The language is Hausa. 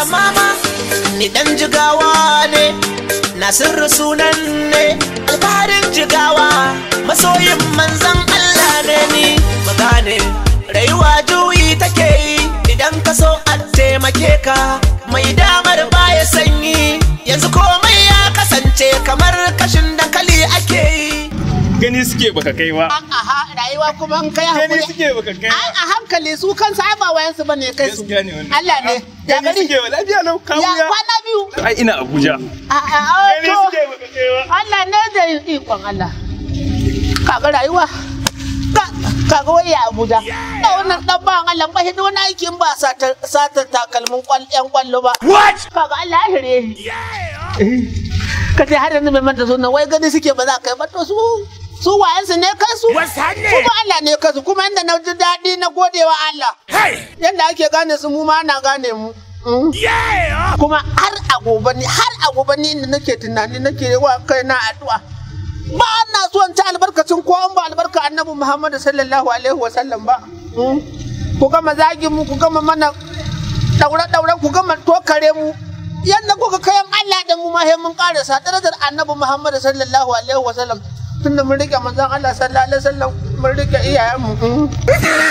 da mama ni dan jigawa ne sirri sunan ne alfaharin jigawa masoyin manzan Allah ne ni magane rayuwa juyi take yi idan ka so a taimake ka mai damar baya sanyi yanzu komai ya kasance kamar kashin gani suke baka kai ba Aha, rayuwa kuma in kai hakuri gani suke baka kai ba a hankali su kansu ai ba wayan su bane kai su Allah ne ya gari suke lafiya lau kawo ya kwana biyu ai ina Abuja A a a'a oh, gani suke baka kai ba Allah ne da ikon Allah kaga rayuwa kaga wai ya Abuja da wannan dan ba Allah ba hidu na yake ba sata sata takalmin kwal yan kwallo ba What? kaga Allah ya hire eh. ka ce har yanzu mai manta zo na wai gani suke ba za ka yi ba to su su wayansu ne kansu kuma Allah ne kansu kuma inda na ji daɗi na godewa Allah yadda ake gane su mu ma na gane mu mm. kuma har a gobe ni har a gobe ni inda nake tunani nake wa na addu'a ba ana so in ta albarkacin ko an ba albarka annabi Muhammad sallallahu alaihi wasallam ba mm. ku gama zagi mu ku gama mana daure daure ku gama tokare mu yadda kuka kayan Allah da mu ma mun karasa darajar annabi Muhammad sallallahu alaihi wasallam tunda mun rike Allah sallallahu alaihi wasallam mun rike iyayenmu